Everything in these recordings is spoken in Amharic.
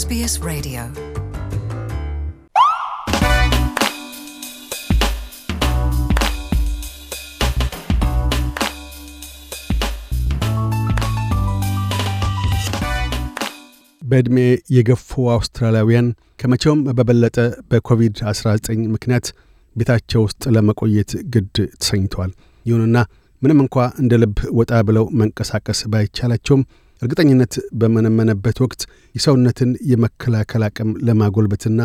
SBS Radio በዕድሜ የገፉ አውስትራሊያውያን ከመቼውም በበለጠ በኮቪድ-19 ምክንያት ቤታቸው ውስጥ ለመቆየት ግድ ተሰኝተዋል። ይሁንና ምንም እንኳ እንደ ልብ ወጣ ብለው መንቀሳቀስ ባይቻላቸውም እርግጠኝነት በመነመነበት ወቅት የሰውነትን የመከላከል አቅም ለማጎልበትና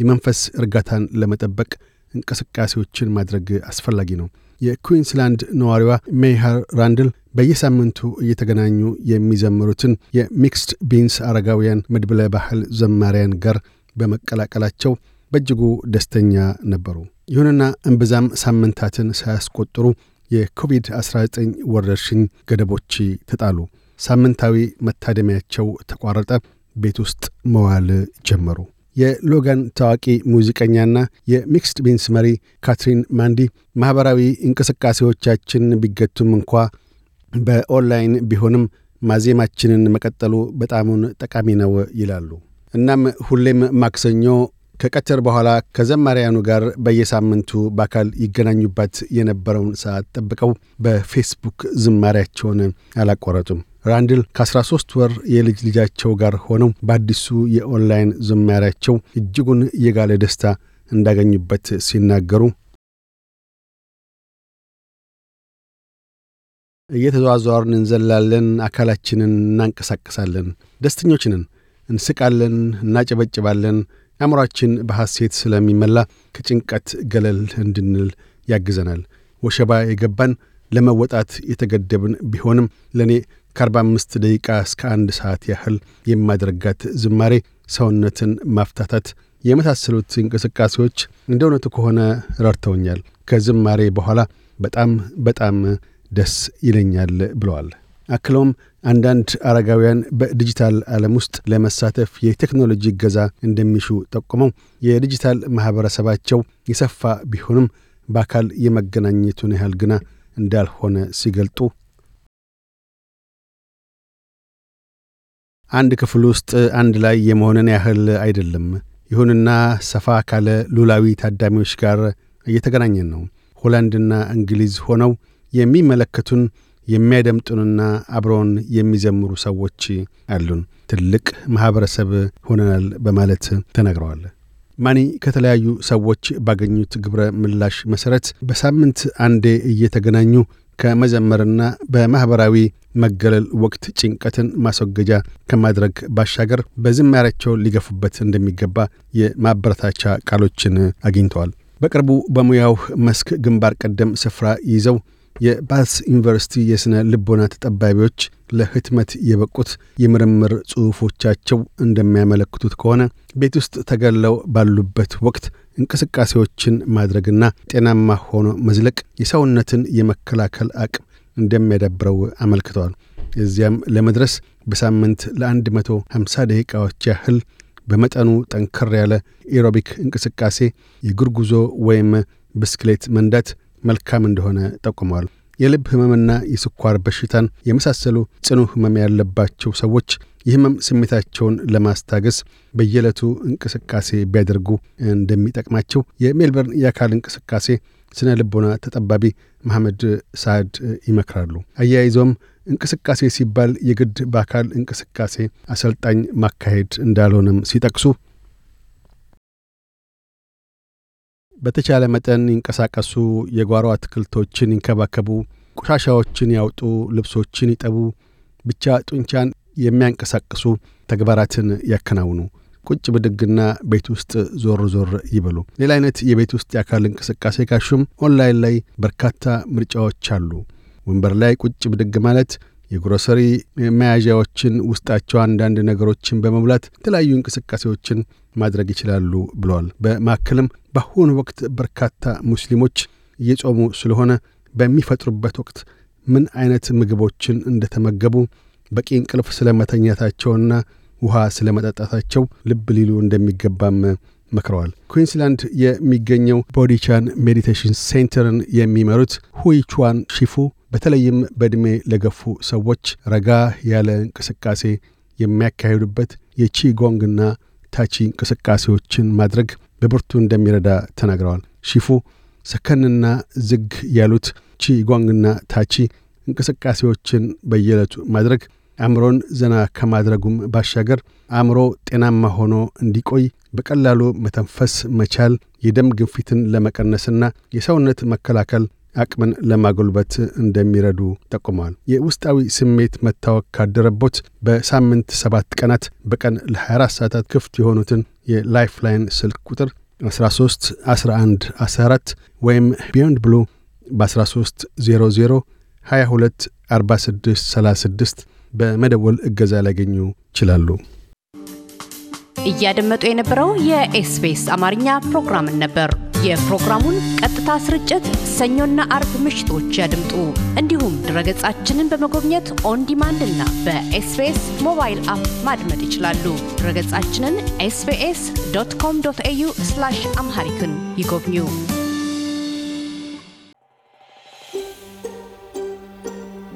የመንፈስ እርጋታን ለመጠበቅ እንቅስቃሴዎችን ማድረግ አስፈላጊ ነው። የኩዊንስላንድ ነዋሪዋ ሜይሃር ራንድል በየሳምንቱ እየተገናኙ የሚዘምሩትን የሚክስድ ቢንስ አረጋውያን መድብለ ባህል ዘማሪያን ጋር በመቀላቀላቸው በእጅጉ ደስተኛ ነበሩ። ይሁንና እምብዛም ሳምንታትን ሳያስቆጥሩ የኮቪድ-19 ወረርሽኝ ገደቦች ተጣሉ። ሳምንታዊ መታደሚያቸው ተቋረጠ። ቤት ውስጥ መዋል ጀመሩ። የሎጋን ታዋቂ ሙዚቀኛና የሚክስድ ቢንስ መሪ ካትሪን ማንዲ ማኅበራዊ እንቅስቃሴዎቻችን ቢገቱም እንኳ በኦንላይን ቢሆንም ማዜማችንን መቀጠሉ በጣሙን ጠቃሚ ነው ይላሉ። እናም ሁሌም ማክሰኞ ከቀትር በኋላ ከዘማሪያኑ ጋር በየሳምንቱ በአካል ይገናኙባት የነበረውን ሰዓት ጠብቀው በፌስቡክ ዝማሪያቸውን አላቋረጡም። ራንድል ከ13 ወር የልጅ ልጃቸው ጋር ሆነው በአዲሱ የኦንላይን ዝማሪያቸው እጅጉን የጋለ ደስታ እንዳገኙበት ሲናገሩ እየተዘዋዘዋርን እንዘላለን፣ አካላችንን እናንቀሳቀሳለን፣ ደስተኞች ነን፣ እንስቃለን፣ እናጨበጭባለን። አእምሯችን በሐሴት ስለሚመላ ከጭንቀት ገለል እንድንል ያግዘናል። ወሸባ የገባን ለመወጣት የተገደብን ቢሆንም ለእኔ ከ45 ደቂቃ እስከ አንድ ሰዓት ያህል የማደርጋት ዝማሬ፣ ሰውነትን ማፍታታት የመሳሰሉት እንቅስቃሴዎች እንደ እውነቱ ከሆነ ረድተውኛል። ከዝማሬ በኋላ በጣም በጣም ደስ ይለኛል ብለዋል። አክለውም አንዳንድ አረጋውያን በዲጂታል ዓለም ውስጥ ለመሳተፍ የቴክኖሎጂ እገዛ እንደሚሹ ጠቁመው የዲጂታል ማኅበረሰባቸው የሰፋ ቢሆንም በአካል የመገናኘቱን ያህል ግና እንዳልሆነ ሲገልጡ አንድ ክፍል ውስጥ አንድ ላይ የመሆንን ያህል አይደለም። ይሁንና ሰፋ ካለ ሉላዊ ታዳሚዎች ጋር እየተገናኘን ነው። ሆላንድና እንግሊዝ ሆነው የሚመለከቱን የሚያደምጡንና አብረውን የሚዘምሩ ሰዎች አሉን። ትልቅ ማኅበረሰብ ሆነናል በማለት ተናግረዋል። ማኒ ከተለያዩ ሰዎች ባገኙት ግብረ ምላሽ መሠረት በሳምንት አንዴ እየተገናኙ ከመዘመርና በማኅበራዊ መገለል ወቅት ጭንቀትን ማስወገጃ ከማድረግ ባሻገር በዝማሪያቸው ሊገፉበት እንደሚገባ የማበረታቻ ቃሎችን አግኝተዋል። በቅርቡ በሙያው መስክ ግንባር ቀደም ስፍራ ይዘው የባስ ዩኒቨርሲቲ የሥነ ልቦና ተጠባቢዎች ለህትመት የበቁት የምርምር ጽሑፎቻቸው እንደሚያመለክቱት ከሆነ ቤት ውስጥ ተገለው ባሉበት ወቅት እንቅስቃሴዎችን ማድረግና ጤናማ ሆኖ መዝለቅ የሰውነትን የመከላከል አቅም እንደሚያዳብረው አመልክተዋል። እዚያም ለመድረስ በሳምንት ለ150 ደቂቃዎች ያህል በመጠኑ ጠንከር ያለ ኤሮቢክ እንቅስቃሴ፣ የእግር ጉዞ ወይም ብስክሌት መንዳት መልካም እንደሆነ ጠቁመዋል። የልብ ህመምና የስኳር በሽታን የመሳሰሉ ጽኑ ህመም ያለባቸው ሰዎች የህመም ስሜታቸውን ለማስታገስ በየዕለቱ እንቅስቃሴ ቢያደርጉ እንደሚጠቅማቸው የሜልበርን የአካል እንቅስቃሴ ስነ ልቦና ተጠባቢ መሐመድ ሳዕድ ይመክራሉ። አያይዞም እንቅስቃሴ ሲባል የግድ በአካል እንቅስቃሴ አሰልጣኝ ማካሄድ እንዳልሆነም ሲጠቅሱ በተቻለ መጠን ይንቀሳቀሱ፣ የጓሮ አትክልቶችን ይንከባከቡ፣ ቆሻሻዎችን ያውጡ፣ ልብሶችን ይጠቡ፣ ብቻ ጡንቻን የሚያንቀሳቅሱ ተግባራትን ያከናውኑ። ቁጭ ብድግና ቤት ውስጥ ዞር ዞር ይበሉ። ሌላ አይነት የቤት ውስጥ የአካል እንቅስቃሴ ካሹም ኦንላይን ላይ በርካታ ምርጫዎች አሉ። ወንበር ላይ ቁጭ ብድግ ማለት የግሮሰሪ መያዣዎችን ውስጣቸው አንዳንድ ነገሮችን በመሙላት የተለያዩ እንቅስቃሴዎችን ማድረግ ይችላሉ ብለዋል። በማከልም በአሁኑ ወቅት በርካታ ሙስሊሞች እየጾሙ ስለሆነ በሚፈጥሩበት ወቅት ምን አይነት ምግቦችን እንደተመገቡ በቂ እንቅልፍ ስለመተኛታቸውና ውሃ ስለመጠጣታቸው ልብ ሊሉ እንደሚገባም መክረዋል። ኩዊንስላንድ የሚገኘው ቦዲቻን ሜዲቴሽን ሴንተርን የሚመሩት ሁይቹዋን ሺፉ በተለይም በዕድሜ ለገፉ ሰዎች ረጋ ያለ እንቅስቃሴ የሚያካሂዱበት የቺጎንግና ታቺ እንቅስቃሴዎችን ማድረግ በብርቱ እንደሚረዳ ተናግረዋል። ሺፉ ሰከንና ዝግ ያሉት ቺጎንግና ታቺ እንቅስቃሴዎችን በየዕለቱ ማድረግ አእምሮን ዘና ከማድረጉም ባሻገር አእምሮ ጤናማ ሆኖ እንዲቆይ በቀላሉ መተንፈስ መቻል የደም ግንፊትን ለመቀነስና የሰውነት መከላከል አቅምን ለማጎልበት እንደሚረዱ ጠቁመዋል። የውስጣዊ ስሜት መታወቅ ካደረቦት በሳምንት ሰባት ቀናት በቀን ለ24 ሰዓታት ክፍት የሆኑትን የላይፍላይን ስልክ ቁጥር 13 11 14 ወይም ቢዮንድ ብሉ በ 1300 00 22 46 36 በመደወል እገዛ ሊያገኙ ይችላሉ። እያደመጡ የነበረው የኤስቢኤስ አማርኛ ፕሮግራምን ነበር። የፕሮግራሙን ቀጥታ ስርጭት ሰኞና አርብ ምሽቶች ያድምጡ። እንዲሁም ድረገጻችንን በመጎብኘት ኦን ዲማንድ እና በኤስቢኤስ ሞባይል አፕ ማድመጥ ይችላሉ። ድረገጻችንን ኤስቢኤስ ዶት ኮም ዶት ኤዩ አምሃሪክን ይጎብኙ።